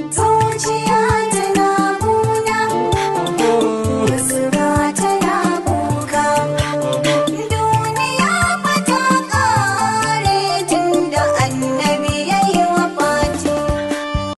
Time